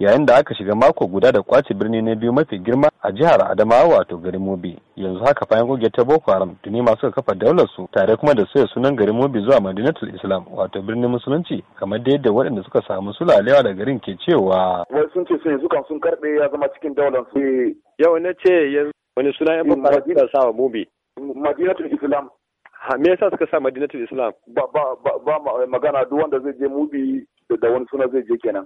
yayin da aka shiga mako guda da kwace birni na biyu mafi girma a jihar adamawa wato garin mobi yanzu haka bayan goge ta boko haram tuni masu kafa daular su tare kuma da soya sunan garin mobi zuwa madinatul islam wato birnin musulunci kamar da yadda waɗanda suka samu sulalewa da garin ke cewa wai sun ce sun yanzu kan sun karɓe ya zama cikin daular su yau na ce yanzu wani suna yan fara suka sa wa mobi madinatul islam ha me yasa suka sa madinatul islam ba ba ba magana duk wanda zai je mobi da wani suna zai je kenan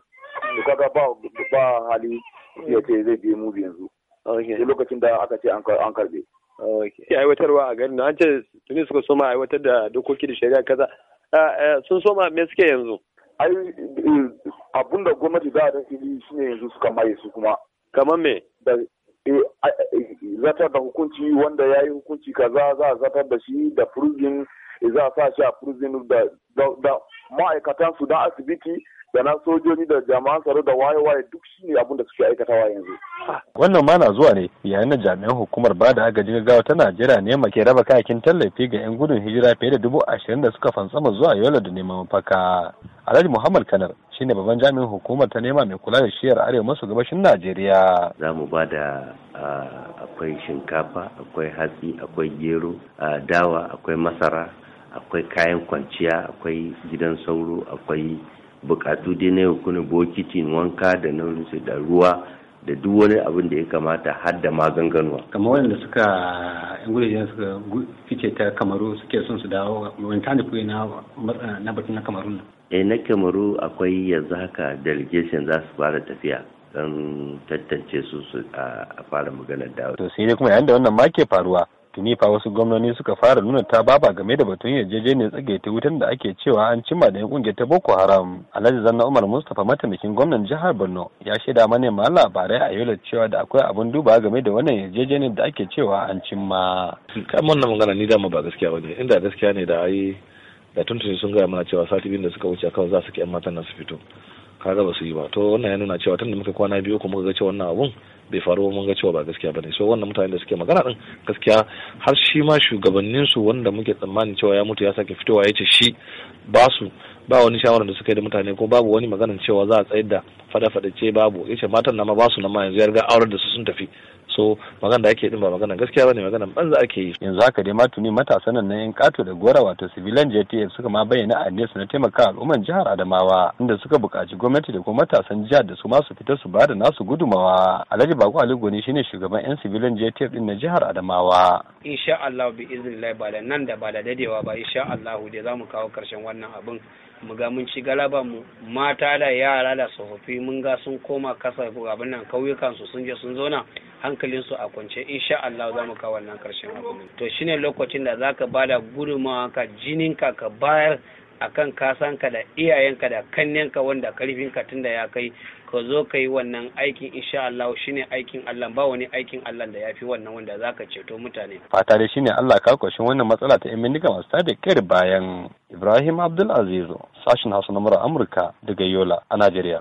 kaga ba ba hali ya ce zai je mu yanzu sai lokacin da aka ce an karbe ya aiwatarwa a garin an ce tuni suka soma aiwatar da dokoki da shari'a kaza sun soma me suke yanzu ai abun da gwamnati za ta yi shine yanzu suka maye su kuma kamar me da eh, eh, zatar da hukunci wanda ya yi hukunci kaza za a zatar da shi da furzin za a sa shi a furzin da ma'aikatan su na asibiti da na sojoji da jami'an tsaro da waye-waye duk shi ne abin da suke aikatawa yanzu. Wannan ma na zuwa ne yayin da jami'an hukumar ba da agajin gaggawa ta Najeriya ne ma ke raba kayakin tallafi ga 'yan gudun hijira fiye da dubu ashirin da suka fantsama zuwa Yola da neman mafaka. Alhaji Muhammad Kanar shi ne babban jami'in hukumar ta nema mai kula da shiyar arewa maso gabashin Najeriya. Za mu ba da akwai shinkafa, akwai hatsi, akwai gero, dawa, akwai masara, akwai kayan kwanciya akwai gidan sauro akwai bukatu dai na yau kuna bokitin wanka da na da ruwa da duk wani abin da ya kamata har da maganganuwa. kamar wanda suka yan gudajen suka fice ta kamaru suke son su dawo wani da nufi na batun na kamaru eh na kamaru akwai yanzu haka delegation za su fara tafiya don tantance su a fara maganar dawo. to sai dai kuma yayin da wannan ma ke faruwa tuni fa wasu gwamnoni suka fara nuna ta baba game da batun yarjejeniyar ta wutan da ake cewa an cimma da kungiyar ta boko haram alhaji zanna umar mustapha mataimakin gwamnan jihar borno ya shaida manema labarai a yola cewa da akwai abun duba game da wannan yarjejeniyar da ake cewa an cimma kan wannan magana ni dama ba gaskiya bane inda gaskiya ne da ai da tuntuni sun gaya mana cewa sati biyu da suka wuce kawai za su ki yan matan nan su fito kaga ba su yi ba to wannan ya nuna cewa tun da muka kwana biyu kuma ga cewa wannan abun bai faru mun ga cewa ba gaskiya bane so wannan mutane da suke magana din gaskiya har shi ma shugabannin su wanda muke tsammanin cewa ya mutu ya sake fitowa ya ce shi ba su ba wani shawara da suka yi da mutane ko babu wani maganar cewa za a tsayar da fada-fadace babu ya ce matan na ma ba su na ma yanzu ya riga aurar da su sun tafi so magana ake din ba magana gaskiya bane magana banza ake yi yanzu haka dai ma tuni matasan nan yan kato da gora wato civilian JTF suka ma bayyana aniyar su na taimaka al'umman jihar Adamawa inda suka buƙaci gwamnati da kuma matasan jihar da su ma su fita su bada nasu gudumawa Alhaji baku Ali Goni shine shugaban yan civilian JTF din na jihar Adamawa insha Allah bi iznillah ba da nan da ba da dadewa ba insha Allah dai zamu kawo karshen wannan abin mu ga mun ci galaba mu mata da yara da tsofaffi mun ga sun koma kasa abin nan kauyukan su sun je sun zauna hankalin su a kwance insha Allah za mu kawo wannan karshen abu to shine lokacin da zaka bada gudunmawa ka jinin ka ka bayar akan kasanka da iyayenka da kannenka wanda karfinka tunda ya kai ka zo ka yi wannan aikin insha Allah shine aikin Allah ba wani aikin Allah da yafi wannan wanda zaka ceto mutane fata dai shine Allah ka kwashi wannan matsala ta emendiga masu tada kai bayan Ibrahim Abdul Aziz sashin Hausa na Amurka daga Yola a Najeriya